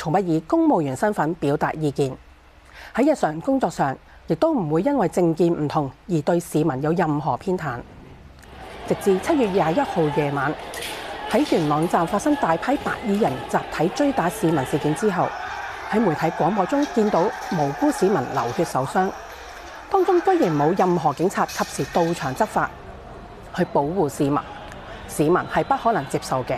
從不以公務員身份表達意見，喺日常工作上亦都唔會因為政見唔同而對市民有任何偏袒。直至七月廿一號夜晚，喺元朗站發生大批白衣人集體追打市民事件之後，喺媒體廣播中見到無辜市民流血受傷，當中居然冇任何警察及時到場執法去保護市民，市民係不可能接受嘅。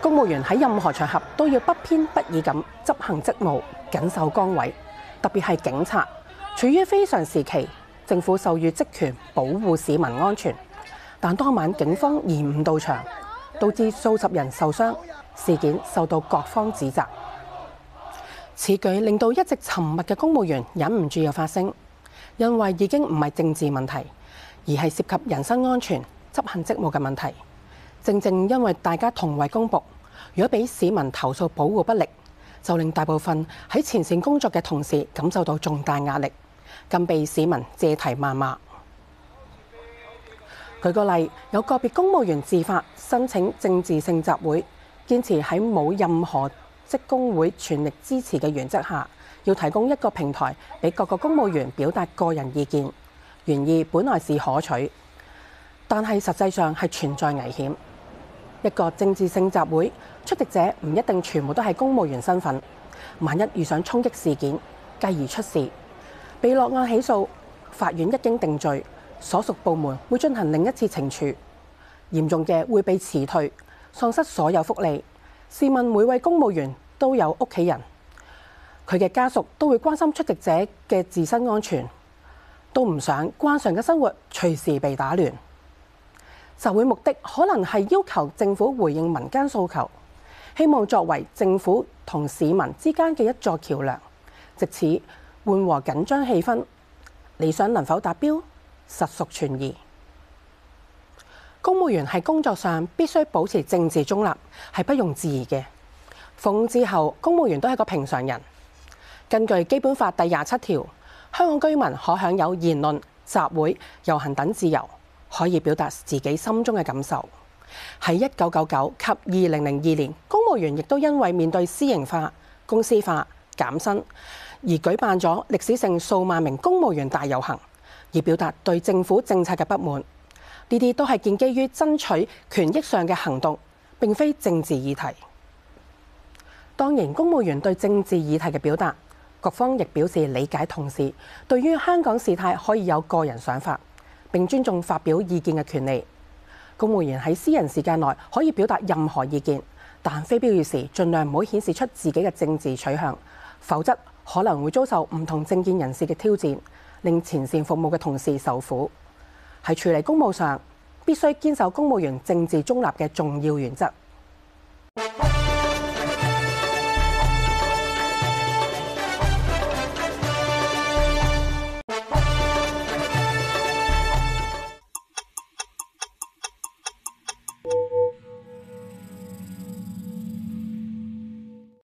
公務員喺任何場合都要不偏不倚咁執行職務，謹守崗位。特別係警察，處於非常時期，政府授予職權保護市民安全。但當晚警方延誤到場，導致數十人受傷，事件受到各方指責。此舉令到一直沉默嘅公務員忍唔住又發聲，因為已經唔係政治問題，而係涉及人身安全、執行職務嘅問題。正正因為大家同為公僕，如果俾市民投訴保護不力，就令大部分喺前線工作嘅同事感受到重大壓力，更被市民借題謾罵。舉個例，有個別公務員自發申請政治性集會，堅持喺冇任何職工會全力支持嘅原則下，要提供一個平台俾各個公務員表達個人意見。原意本來是可取，但係實際上係存在危險。一個政治性集會出席者，唔一定全部都係公務員身份，萬一遇上衝擊事件，繼而出事，被落案起訴，法院一經定罪，所屬部門會進行另一次懲處，嚴重嘅會被辭退，喪失所有福利。試問每位公務員都有屋企人，佢嘅家屬都會關心出席者嘅自身安全，都唔想慣常嘅生活隨時被打亂。集會目的可能係要求政府回應民間訴求，希望作為政府同市民之間嘅一座橋樑，借此緩和緊張氣氛。理想能否達標，實屬存疑。公務員喺工作上必須保持政治中立，係不容置疑嘅。奉之後，公務員都係個平常人。根據《基本法》第廿七條，香港居民可享有言論、集會、遊行等自由。可以表達自己心中嘅感受。喺一九九九及二零零二年，公務員亦都因為面對私營化、公司化、減薪而舉辦咗歷史性數萬名公務員大遊行，而表達對政府政策嘅不滿。呢啲都係建基於爭取權益上嘅行動，並非政治議題。當然，公務員對政治議題嘅表達，各方亦表示理解同，同時對於香港事態可以有個人想法。並尊重發表意見嘅權利。公務員喺私人時間內可以表達任何意見，但非必要時，盡量唔好顯示出自己嘅政治取向，否則可能會遭受唔同政見人士嘅挑戰，令前線服務嘅同事受苦。喺處理公務上，必須堅守公務員政治中立嘅重要原則。